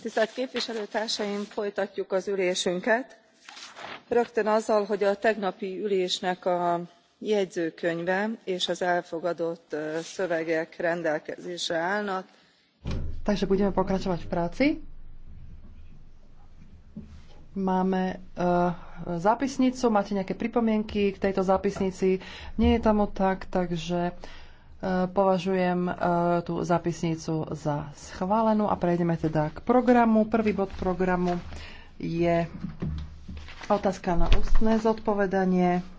tisztelt képviselőtársaim folytatjuk az ülésünket rögtön azzal hogy a tegnapi ülésnek a jegyzőkönyve és az elfogadott szövegek rendelkezésre állnak. Takže budeme pokračovať v práci. Máme uh, zápisnicu, máte nejaké pripomienky k tejto zápisnici? Nie je tomu tak, takže Eh, považujem eh, tú zapisnicu za schválenú a prejdeme teda k programu. Prvý bod programu je otázka na ústne zodpovedanie.